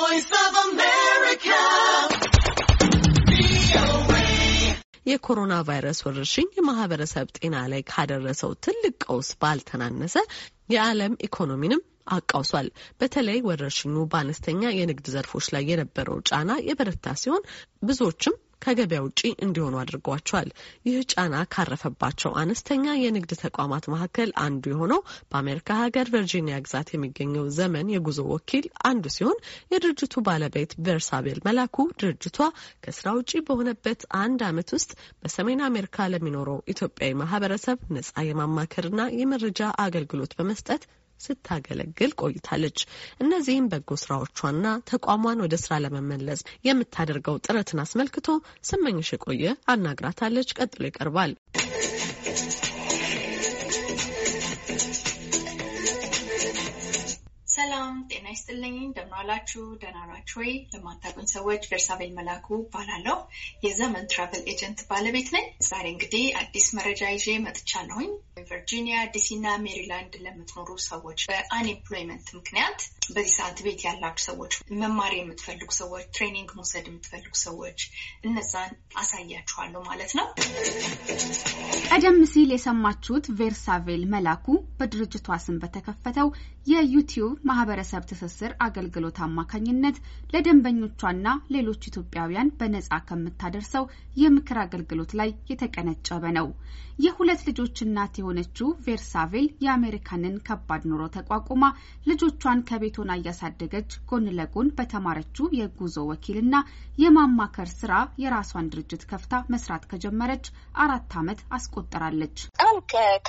voice of America. የኮሮና ቫይረስ ወረርሽኝ የማህበረሰብ ጤና ላይ ካደረሰው ትልቅ ቀውስ ባልተናነሰ የዓለም ኢኮኖሚንም አቃውሷል። በተለይ ወረርሽኙ በአነስተኛ የንግድ ዘርፎች ላይ የነበረው ጫና የበረታ ሲሆን ብዙዎችም ከገበያ ውጪ እንዲሆኑ አድርጓቸዋል። ይህ ጫና ካረፈባቸው አነስተኛ የንግድ ተቋማት መካከል አንዱ የሆነው በአሜሪካ ሀገር ቨርጂኒያ ግዛት የሚገኘው ዘመን የጉዞ ወኪል አንዱ ሲሆን የድርጅቱ ባለቤት ቨርሳቤል መላኩ ድርጅቷ ከስራ ውጪ በሆነበት አንድ ዓመት ውስጥ በሰሜን አሜሪካ ለሚኖረው ኢትዮጵያዊ ማህበረሰብ ነጻ የማማከርና የመረጃ አገልግሎት በመስጠት ስታገለግል ቆይታለች። እነዚህም በጎ ስራዎቿና ተቋሟን ወደ ስራ ለመመለስ የምታደርገው ጥረትን አስመልክቶ ስመኝሽ የቆየ አናግራታለች። ቀጥሎ ይቀርባል። ሰላም ጤና ይስጥልኝ። እንደምናላችሁ ደህና ናችሁ ወይ? ለማታውቁኝ ሰዎች ገርሳቤል መላኩ እባላለሁ። የዘመን ትራቨል ኤጀንት ባለቤት ነኝ። ዛሬ እንግዲህ አዲስ መረጃ ይዤ መጥቻለሁኝ። ቨርጂኒያ፣ ዲሲ እና ሜሪላንድ ለምትኖሩ ሰዎች በአንኤምፕሎይመንት ምክንያት በዚህ ሰዓት ቤት ያላችሁ ሰዎች፣ መማር የምትፈልጉ ሰዎች፣ ትሬኒንግ መውሰድ የምትፈልጉ ሰዎች እነዛን አሳያችኋለሁ ማለት ነው። ቀደም ሲል የሰማችሁት ቬርሳቬል መላኩ በድርጅቷ ስም በተከፈተው የዩቲዩብ ማህበረሰብ ትስስር አገልግሎት አማካኝነት ለደንበኞቿና ሌሎች ኢትዮጵያውያን በነጻ ከምታደርሰው የምክር አገልግሎት ላይ የተቀነጨበ ነው። የሁለት ልጆች እናት የሆነችው ቬርሳቬል የአሜሪካንን ከባድ ኑሮ ተቋቁማ ልጆቿን ከቤት እያሳደገች ጎን ለጎን በተማረችው የጉዞ ወኪልና የማማከር ስራ የራሷን ድርጅት ከፍታ መስራት ከጀመረች አራት ዓመት አስቆጠራለች። በጣም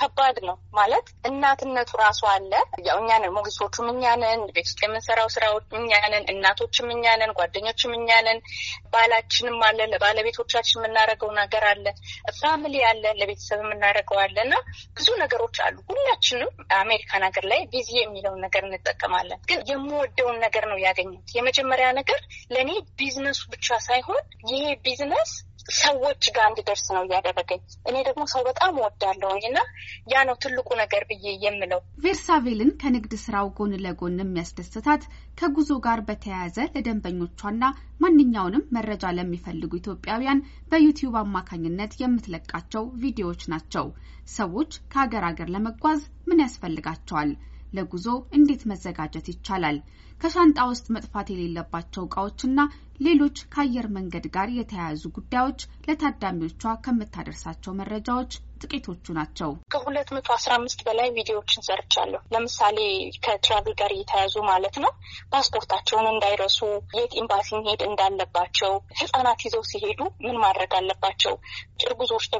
ከባድ ነው ማለት እናትነቱ ራሷ አለ ያው እኛን ሞግዚሶቹ እኛ እኛንን፣ ቤት ውስጥ የምንሰራው ስራዎች እኛንን፣ እናቶችም እኛንን፣ ጓደኞችም እኛንን፣ ባላችንም አለ፣ ለባለቤቶቻችን የምናደርገው ነገር አለ፣ ፋሚሊ አለ፣ ለቤተሰብ የምናደርገው አለ እና ብዙ ነገሮች አሉ። ሁላችንም አሜሪካን ሀገር ላይ ቢዚ የሚለውን ነገር እንጠቀማለን። ግን የምወደውን ነገር ነው ያገኘት የመጀመሪያ ነገር ለእኔ ቢዝነሱ ብቻ ሳይሆን ይሄ ቢዝነስ ሰዎች ጋር እንድደርስ ነው እያደረገኝ። እኔ ደግሞ ሰው በጣም እወዳለሁኝ እና ያ ነው ትልቁ ነገር ብዬ የምለው። ቬርሳቬልን ከንግድ ስራው ጎን ለጎን የሚያስደስታት ከጉዞ ጋር በተያያዘ ለደንበኞቿና ማንኛውንም መረጃ ለሚፈልጉ ኢትዮጵያውያን በዩቲዩብ አማካኝነት የምትለቃቸው ቪዲዮዎች ናቸው። ሰዎች ከሀገር ሀገር ለመጓዝ ምን ያስፈልጋቸዋል? ለጉዞ እንዴት መዘጋጀት ይቻላል? ከሻንጣ ውስጥ መጥፋት የሌለባቸው እቃዎችና ሌሎች ከአየር መንገድ ጋር የተያያዙ ጉዳዮች ለታዳሚዎቿ ከምታደርሳቸው መረጃዎች ጥቂቶቹ ናቸው። ከሁለት መቶ አስራ አምስት በላይ ቪዲዮዎችን ሰርቻለሁ። ለምሳሌ ከትራቭል ጋር እየተያዙ ማለት ነው። ፓስፖርታቸውን እንዳይረሱ፣ የት ኤምባሲ መሄድ እንዳለባቸው፣ ህጻናት ይዘው ሲሄዱ ምን ማድረግ አለባቸው፣ ጭር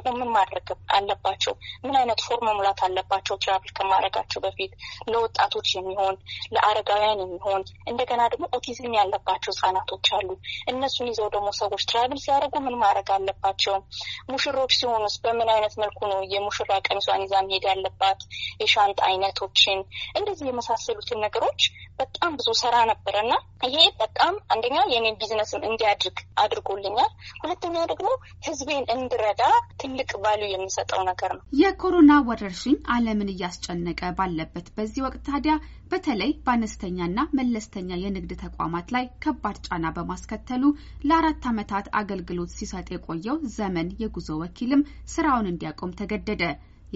ደግሞ ምን ማድረግ አለባቸው፣ ምን አይነት ፎርም መሙላት አለባቸው፣ ትራቭል ከማድረጋቸው በፊት ለወጣቶች የሚሆን ለአረጋውያን የሚሆን እንደገና ደግሞ ኦቲዝም ያለባቸው ህጻናቶች አሉ። እነሱን ይዘው ደግሞ ሰዎች ትራቭል ሲያደርጉ ምን ማድረግ አለባቸው፣ ሙሽሮች ሲሆኑስ በምን አይነት መልኩ ነው የሙሽራ ቀሚሷን ይዛ መሄድ ያለባት፣ የሻንጣ አይነቶችን እንደዚህ የመሳሰሉትን ነገሮች በጣም ብዙ ስራ ነበረ እና ይሄ በጣም አንደኛ የኔን ቢዝነስም እንዲያድርግ አድርጎልኛል። ሁለተኛ ደግሞ ህዝቤን እንድረዳ ትልቅ ቫሉ የሚሰጠው ነገር ነው። የኮሮና ወረርሽኝ ዓለምን እያስጨነቀ ባለበት በዚህ ወቅት ታዲያ በተለይ በአነስተኛና መለስተኛ የንግድ ተቋማት ላይ ከባድ ጫና በማስከተሉ ለአራት ዓመታት አገልግሎት ሲሰጥ የቆየው ዘመን የጉዞ ወኪልም ስራውን እንዲያቆም ተገደደ።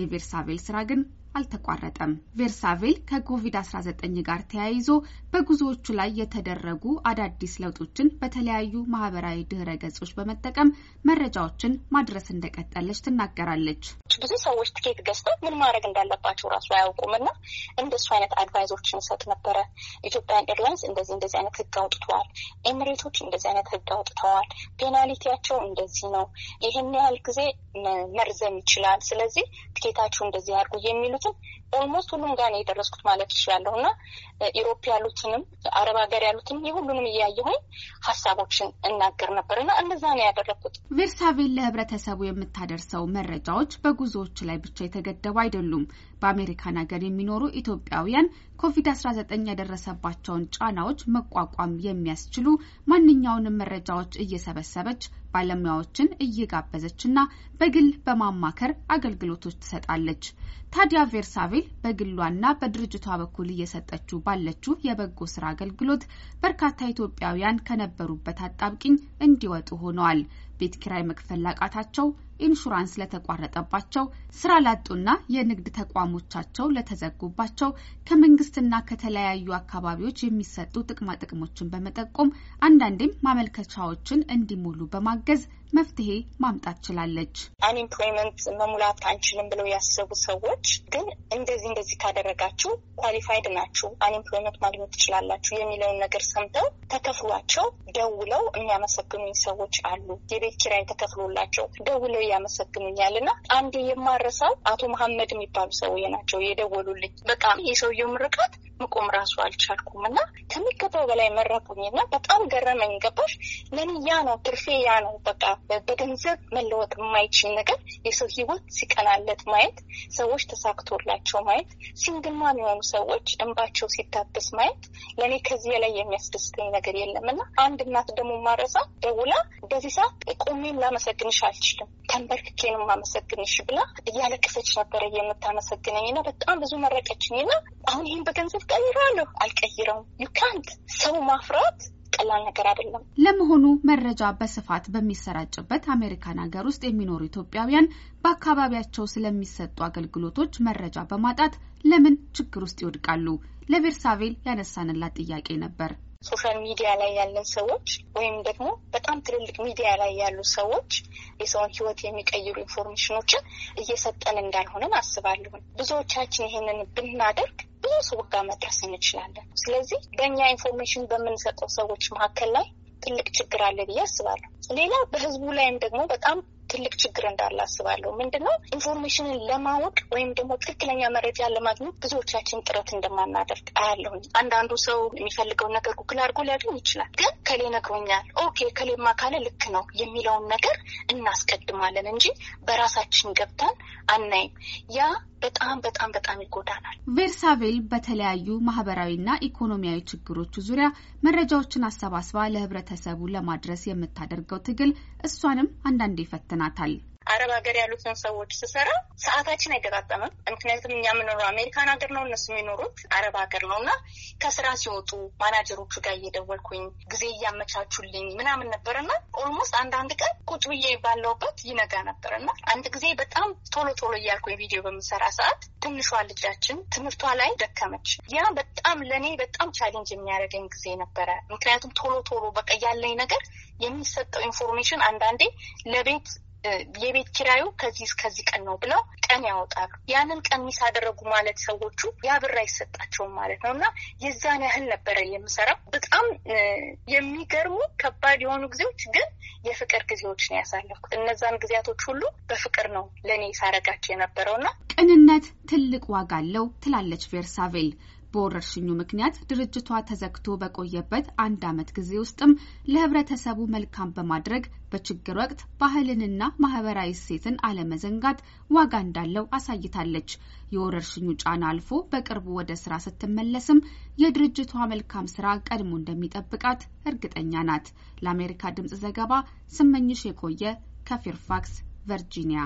የቬርሳቬል ስራ ግን አልተቋረጠም። ቬርሳቬል ከኮቪድ-19 ጋር ተያይዞ በጉዞዎቹ ላይ የተደረጉ አዳዲስ ለውጦችን በተለያዩ ማህበራዊ ድህረ ገጾች በመጠቀም መረጃዎችን ማድረስ እንደቀጠለች ትናገራለች። ብዙ ሰዎች ትኬት ገዝተው ምን ማድረግ እንዳለባቸው ራሱ አያውቁም እና እንደሱ አይነት አድቫይዞችን ሰጥ ነበረ። ኢትዮጵያን ኤርላይንስ እንደዚህ እንደዚህ አይነት ህግ አውጥተዋል፣ ኤምሬቶች እንደዚህ አይነት ህግ አውጥተዋል፣ ፔናሊቲያቸው እንደዚህ ነው፣ ይህን ያህል ጊዜ መርዘም ይችላል፣ ስለዚህ ትኬታቸው እንደዚህ አድርጉ የሚሉ ሀገሮችን ኦልሞስት ሁሉም ጋር ነው የደረስኩት ማለት ይችላለሁ እና ኢሮፕ ያሉትንም አረብ ሀገር ያሉትንም የሁሉንም እያየሁኝ ሀሳቦችን እናገር ነበር እና እንደዛ ነው ያደረግኩት። ቬርሳቬል ለህብረተሰቡ የምታደርሰው መረጃዎች በጉዞዎች ላይ ብቻ የተገደቡ አይደሉም። በአሜሪካን ሀገር የሚኖሩ ኢትዮጵያውያን ኮቪድ አስራ ዘጠኝ ያደረሰባቸውን ጫናዎች መቋቋም የሚያስችሉ ማንኛውንም መረጃዎች እየሰበሰበች ባለሙያዎችን እየጋበዘችና በግል በማማከር አገልግሎቶች ትሰጣለች። ታዲያ ቬርሳቬል በግሏና በድርጅቷ በኩል እየሰጠችው ባለችው የበጎ ስራ አገልግሎት በርካታ ኢትዮጵያውያን ከነበሩበት አጣብቂኝ እንዲወጡ ሆነዋል። ቤት ኪራይ መክፈል ላቃታቸው ኢንሹራንስ ለተቋረጠባቸው፣ ስራ ላጡና የንግድ ተቋሞቻቸው ለተዘጉባቸው ከመንግስትና ከተለያዩ አካባቢዎች የሚሰጡ ጥቅማ ጥቅሞችን በመጠቆም አንዳንዴም ማመልከቻዎችን እንዲሞሉ በማገዝ መፍትሄ ማምጣት ችላለች። አንኢምፕሎይመንት መሙላት አንችልም ብለው ያሰቡ ሰዎች ግን እንደዚህ እንደዚህ ካደረጋችሁ ኳሊፋይድ ናችሁ፣ አንኢምፕሎይመንት ማግኘት ትችላላችሁ የሚለውን ነገር ሰምተው ተከፍሏቸው ደውለው የሚያመሰግኑኝ ሰዎች አሉ። የቤት ኪራይ ተከፍሎላቸው ደውለው ያመሰግኑኛል። እና አንዴ የማረሳው አቶ መሀመድ የሚባሉ ሰውዬ ናቸው የደወሉልኝ። በጣም የሰውየው ምርቃት መቆም ራሱ አልቻልኩም እና ከሚገባው በላይ መረቁኝ እና በጣም ገረመኝ። ገባሽ ለኔ ያ ነው ትርፌ፣ ያ ነው በቃ በገንዘብ መለወጥ የማይችል ነገር የሰው ህይወት ሲቀናለት ማየት፣ ሰዎች ተሳክቶላቸው ማየት፣ ሲንግማ የሆኑ ሰዎች እንባቸው ሲታበስ ማየት ለእኔ ከዚህ ላይ የሚያስደስተኝ ነገር የለም እና አንድ እናት ደግሞ ማረሳ ደውላ በዚህ ሰዓት ቆሜም ላመሰግንሽ አልችልም ተንበርክኬንም ማመሰግንሽ ብላ እያለቀሰች ነበረ የምታመሰግነኝ እና በጣም ብዙ መረቀችኝ እና አሁን ይህን በገንዘብ ቀይራለሁ አልቀይረውም ዩካንት ሰው ማፍራት ቀላል ነገር አይደለም። ለመሆኑ መረጃ በስፋት በሚሰራጭበት አሜሪካን ሀገር ውስጥ የሚኖሩ ኢትዮጵያውያን በአካባቢያቸው ስለሚሰጡ አገልግሎቶች መረጃ በማጣት ለምን ችግር ውስጥ ይወድቃሉ? ለቬርሳቬል ያነሳንላት ጥያቄ ነበር። ሶሻል ሚዲያ ላይ ያለን ሰዎች ወይም ደግሞ በጣም ትልልቅ ሚዲያ ላይ ያሉ ሰዎች የሰውን ህይወት የሚቀይሩ ኢንፎርሜሽኖችን እየሰጠን እንዳልሆነን አስባለሁን። ብዙዎቻችን ይህንን ብናደርግ ብዙ ሰው ጋር መድረስ እንችላለን። ስለዚህ በእኛ ኢንፎርሜሽን በምንሰጠው ሰዎች መካከል ላይ ትልቅ ችግር አለ ብዬ አስባለሁ። ሌላ በህዝቡ ላይም ደግሞ በጣም ትልቅ ችግር እንዳለ አስባለሁ። ምንድነው ኢንፎርሜሽንን ለማወቅ ወይም ደግሞ ትክክለኛ መረጃ ለማግኘት ብዙዎቻችን ጥረት እንደማናደርግ አያለሁኝ። አንዳንዱ ሰው የሚፈልገውን ነገር ጉግል አድርጎ ሊያገኝ ይችላል። ግን ከሌ ነግሮኛል፣ ኦኬ ከሌማ ካለ ልክ ነው የሚለውን ነገር እናስቀድማለን እንጂ በራሳችን ገብተን አናይም። ያ በጣም በጣም በጣም ይጎዳናል። ቬርሳቬል በተለያዩ ማህበራዊና ኢኮኖሚያዊ ችግሮቹ ዙሪያ መረጃዎችን አሰባስባ ለህብረተሰቡ ለማድረስ የምታደርገው ትግል እሷንም አንዳንዴ ይፈትናታል። አረብ ሀገር ያሉትን ሰዎች ስሰራ ሰዓታችን አይገጣጠምም። ምክንያቱም እኛ የምኖረው አሜሪካን ሀገር ነው፣ እነሱ የሚኖሩት አረብ ሀገር ነው እና ከስራ ሲወጡ ማናጀሮቹ ጋር እየደወልኩኝ ጊዜ እያመቻቹልኝ ምናምን ነበርና ኦልሞስት አንዳንድ ቀን ቁጭ ብዬ ባለውበት ይነጋ ነበርና አንድ ጊዜ በጣም ቶሎ ቶሎ እያልኩኝ ቪዲዮ በምሰራ ሰዓት ትንሿ ልጃችን ትምህርቷ ላይ ደከመች። ያ በጣም ለእኔ በጣም ቻሌንጅ የሚያደርገኝ ጊዜ ነበረ። ምክንያቱም ቶሎ ቶሎ በቃ ያለኝ ነገር የሚሰጠው ኢንፎርሜሽን አንዳንዴ ለቤት የቤት ኪራዩ ከዚህ እስከዚህ ቀን ነው ብለው ቀን ያወጣሉ። ያንን ቀን ሚስ አደረጉ ማለት ሰዎቹ ያ ብር አይሰጣቸውም ማለት ነው እና የዛን ያህል ነበረ የምሰራው። በጣም የሚገርሙ ከባድ የሆኑ ጊዜዎች ግን የፍቅር ጊዜዎች ነው ያሳለፍኩት። እነዛን ጊዜያቶች ሁሉ በፍቅር ነው ለእኔ ሳረጋቸው የነበረው እና ቅንነት ትልቅ ዋጋ አለው ትላለች ቬርሳቬል። በወረርሽኙ ምክንያት ድርጅቷ ተዘግቶ በቆየበት አንድ ዓመት ጊዜ ውስጥም ለህብረተሰቡ መልካም በማድረግ በችግር ወቅት ባህልንና ማህበራዊ እሴትን አለመዘንጋት ዋጋ እንዳለው አሳይታለች። የወረርሽኙ ጫና አልፎ በቅርቡ ወደ ስራ ስትመለስም የድርጅቷ መልካም ስራ ቀድሞ እንደሚጠብቃት እርግጠኛ ናት። ለአሜሪካ ድምጽ ዘገባ ስመኝሽ የቆየ ከፌርፋክስ ቨርጂኒያ